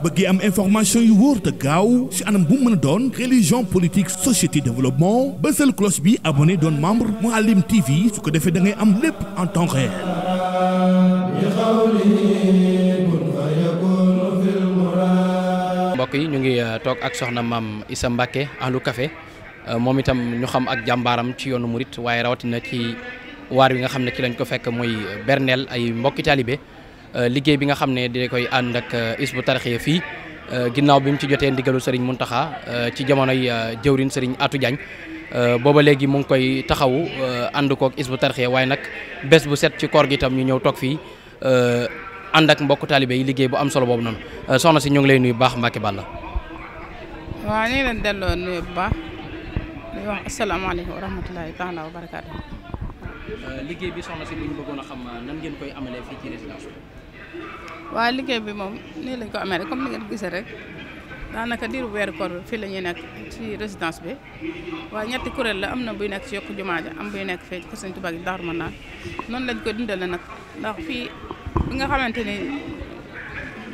bëggee am information yu wóor te gaaw ci anam bu mën a doon religion politique société développement bësal cloche bi abonné doon membre Mouhalim TV su ko defee dangay am lépp en temps réel. mbokk yi ñu ngi euh, toog ak soxna maam Issa Mbacke Ahlu Café euh, moom itam ñu xam ak jàmbaaram ci yoonu murit waaye rawatina ci. waar wi nga xam ne ci lañ ko fekk muy berneel ay mbokki taalibe euh, liggéey bi nga xam ne dina koy ànd ak euh, isbu tarxiya fii euh, ginnaaw bi mu ci jotee ndigalu sëriñ Muntaxa ci jamonoy jëwrin sëriñ Atou Diagne booba léegi mu ngi koy taxawu ànd kook is bu tarxiya waaye nag bés bu set ci koor gi itam ñu ñëw toog fii ànd ak mbokk taalibe yi liggéey bu am solo boobu noonu soxna si ñoo ngi lay nuyu baax Mbacke Balla. waaw ñu leen delloo nuyu bu baax di wax Euh, liggéey bi soxna si bu ñu bëggoon a xam euh, nan ngeen koy amalee fii ci résidence bi. waaw liggéey bi moom nii lañ ko amee rek comme ni ngeen gisee rek daanaka diiru weer koor fii la ñuy nekk ci résidence bi waaye ñetti kuréel la am na buy nekk ci yokku jumaa ja am buy nekk fii ci Sëñ Tuubaa gi Daaru Manaan noonu lañ koy dundale nag ndax fii bi nga xamante ni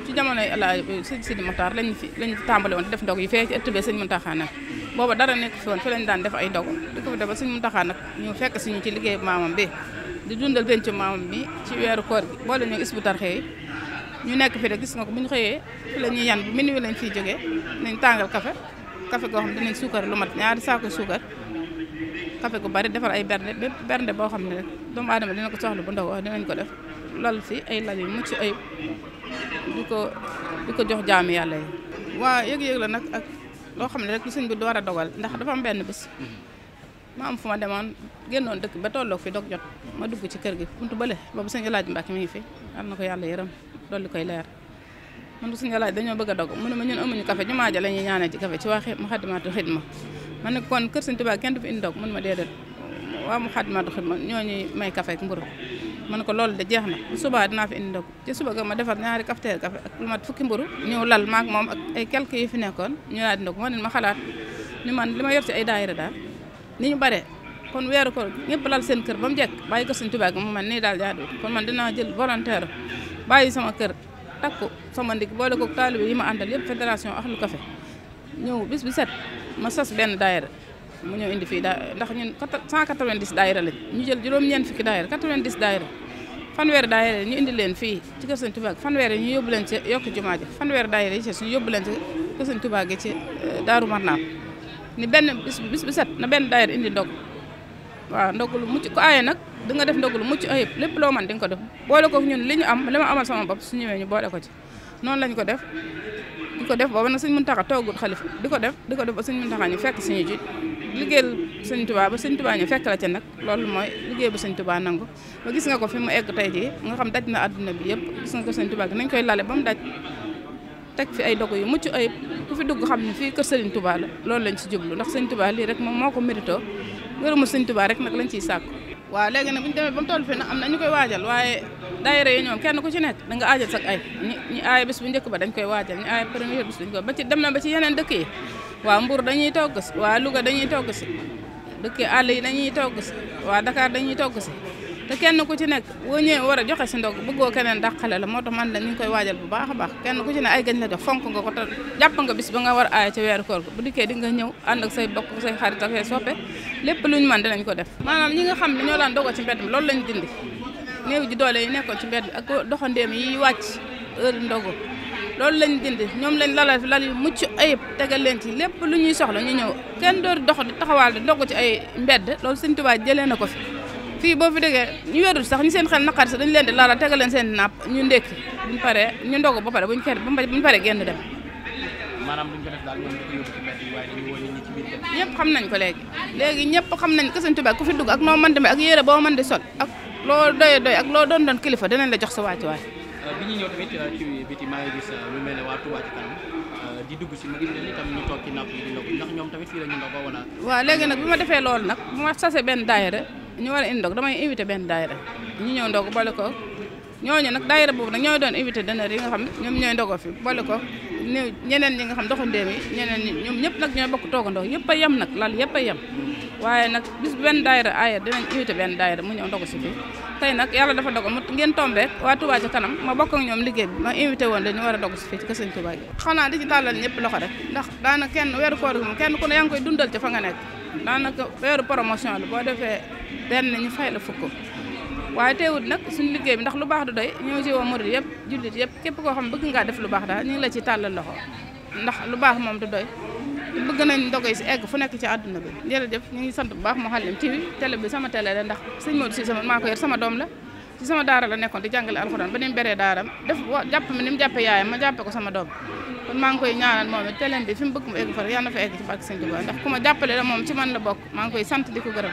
ci jamonoy El Hadj Sidi Mokhtar lañ fi lañ fi woon di def ndog yi fee ci ëtt bi Sëñ Muntaxa nag booba dara nekk fi woon fi lañ daan def ay dogu di ko fi def ba suñu Muntaxa nag ñu fekk suñu ci liggéey maamam bi di dundal penc maamam bi ci weeru koor gi boole ñu isbu tarxee ñu nekk fi de gis nga ko bu ñu xëyee fi la ñuy yan bi minuit lañ fiy jógee nañ tàngal café café goo xam dinañ suukar lu mat ñaari saako suukar café gu bari defar ay bernde bépp bernde boo xam ne rek doomu aadama dina ko soxla bu ndaw wax ko def lal fi ay lal yu mucc ayib di ko di ko jox jaami yàlla yi. waa yëg-yëg la nag ak loo xam ne rek lu sëñ bi door a dogal ndax dafa am benn bis mm-hmm. ma am fu ma demoon génnoon dëkk ba tolloog fi dog jot ma dugg ci kër gi buntu bële boobu sëñ Alaaji Mbàkke mi ngi fi am na ko yàlla yërëm dolli koy leer man ko sëñ Alaaji dañoo bëgg a dog mu ne ma ñun amuñu café jumaa ja la ñuy ñaanee ci kafe ci waa Muxaddamatul Xidma ma ne kon kër sëñ Tuubaa kenn du fi indi dog mu ne ma déedéet waa Muxaddamatul ma ñoo ñuy may café ak mburu ma ko loolu de jeex na bu subaa dinaa fi indi ndogu ci suba ga ma defar ñaari cafetière café ak lu mat fukki mburu ñëw lal maak moom ak ay quelques fi nekkoon ñu laa di ndogu ma ne ma xalaat ni man li ma yor si ay daayira daal ni ñu bare kon weeru ko ñëpp lal seen kër ba mu jekk bàyyi ko suñ tubaab mu man nii daal jaaduwul kon man dinaa jël volontaire bàyyi sama kër takku sama ndig boole ko taalibe yi ma àndal yëpp fédération Ahlou Café ñëw bis bi set ma sas benn daayira mu ñëw indi fii daa ndax ñun 190 daayira lañ ñu jël juróom-ñeent fukki daayira 90 daayira fanweeri daayira ñu indi leen fii ci kër Sëñ Tuubaa gi fanweeri ñu yóbbu leen ci yokk jumaa ji fanweeri daayira yi ci suñu yóbbu leen ci kër Sëñ Tuubaa gi ci eh, Daaru Marnaan ni benn bis bis bi set na benn daayira indi ndog waaw ndog lu mucc ko aaye nag di nga def ndog lu mucc ayib lépp loo man di nga ko def boole ko li ñu am li ma amal sama bopp su ñëwee ñu boole ko ci noonu lañ ko def di ko def booba nag Sëñ Muntaxa toogul xalifa di ko def di ko def ba Sëñ Muntaxa ñu fekk suñu liggéeyal sëñ Tuubaa ba sëñ Tuubaa ñu fekk la ca nag loolu mooy liggéey bu sëñ Tuubaa nangu ma gis nga ko fi mu egg tey jii nga xam daj na àdduna bi yëpp gis nga ko sëñ Tuubaa gi nañ koy lale ba mu daj teg fi ay dogu yu mucc ayib ku fi dugg xam ni fii kër sëriñ Tuubaa loolu lañ ci jublu ndax sëñ Tuubaa lii rek moom moo ko mérito gërëmu sëñ Tuubaa rek nag lañ ciy sàkku waaw léegi nag bu ñu demee ba mu toll fii am na ñu koy waajal waaye daayira yi ñoom kenn ku ci nekk da nga aajal sax ay ñi ñi aay bis bu njëkk ba dañ koy waajal ñi aay premier bis bu njëkk ba ci dem na ba ci yeneen dëkk yi waa Mbour dañuy togg si waa Louga dañuy togg si dëkk àll yi dañuy togg si waa Dakar dañuy togg si te kenn ku ci nekk boo ñëwee war a joxe si ndog bëggoo keneen dàqale la moo tax man la ñu ngi koy waajal bu baax a baax kenn ku ci ne ay gañ la jox fonk nga ko te jàpp nga bis ba nga war aaya ci weeru koor bu dikkee di nga ñëw ànd ak say bokk say xarit ak say soppe lépp lu ñu mën dinañ ko def maanaam ñi nga xam ne ñoo daan dogo ci mbedd mi loolu lañ dindi néew ji doole yi nekkoon ci mbedd mi ak doxandéem yi wàcc heure ndogu loolu lañ dindi ñoom lañ lalal lal yu mucc ayib tegal leen ci lépp lu ñuy soxla ñu ñëw kenn door dox di taxawaal di ndogg ci ay mbedd loolu Sëñ Tuubaa jëlee na ko fi fii boo fi degee ñu wérul sax ñu seen xel naqari sax dañ leen di laala tegal leen seen napp ñu ndékki buñ pare ñu ndogu ba pare buñ kenn buñ paree génn ñu ko yóbbu ci mbedd yi waaye dañuy xam nañ ko léegi léegi ñëpp xam nañ ko sëñ Tuubaa ku fi dugg ak noo mën demee ak yére boo mën di sol ak loo doye ak loo doon kilifa danañ la jox sa waaci waay euh, bi ñuy ñëw tamit euh, euh, di dugg si ma gis yi di ndax ñoom tamit fii la ñu ndogoo wala ah. waaw léegi nag bi ma defee loolu nag bu ma sase benn daayira ñu war a indi damay invité benn daayira ñu ñëw ndog boole ko ñooñu nag daayira boobu nag ñooy doon invité donneur yi nga xam ñoom ñooy ndogoo fi boole ko ñeneen ñi nga xam doxandéem yi ñeneen ñi ñoom ñëpp nag ñooy bokk toogandoo yëpp a yem nag lal yëpp a yem waaye nag bis benn daayira aaya dinañ invité benn daayira mu ñëw ndogu si tey nag yàlla dafa dogal mu ngeen tombeek waa Touba ca kanam ma bokk ak ñoom liggéey bi ma invité woon dañu war a dogu si fii ci kër Sëñ Touba gi xanaa di ci tàllal ñëpp loxo rek ndax daana kenn weeru koor gi moom kenn ku ne yaa ngi koy dundal ca fa nga nekk daanaka weeru promotion la boo defee benn ñu fay la fukk waaye wut nag suñu liggéey bi ndax lu baax du doy ñoo woo murid yëpp jullit yëpp képp koo xam bëgg ngaa def lu baax daal ñu ngi la ci tàllal loxo ndax lu baax moom du doy bëgg nañ ndogo yi si egg fu nekk ci àdduna bi jërëjëf ñu ngi sant bu baax Mouhalim TV télé bi sama télé la ndax sëñ sama doom la ci sama daara la alxuraan ba ni mu beree daaram def jàpp mi ni mu jàppee yaayam ma jàppee ko sama doom kon maa ngi koy ñaanal moom it bi fi bëgg mu egg fa yàlla na fa egg ci barke sëñ Tuubaa ndax ku jàppale la moom ci man la bokk maa ngi koy sant di ko gërëm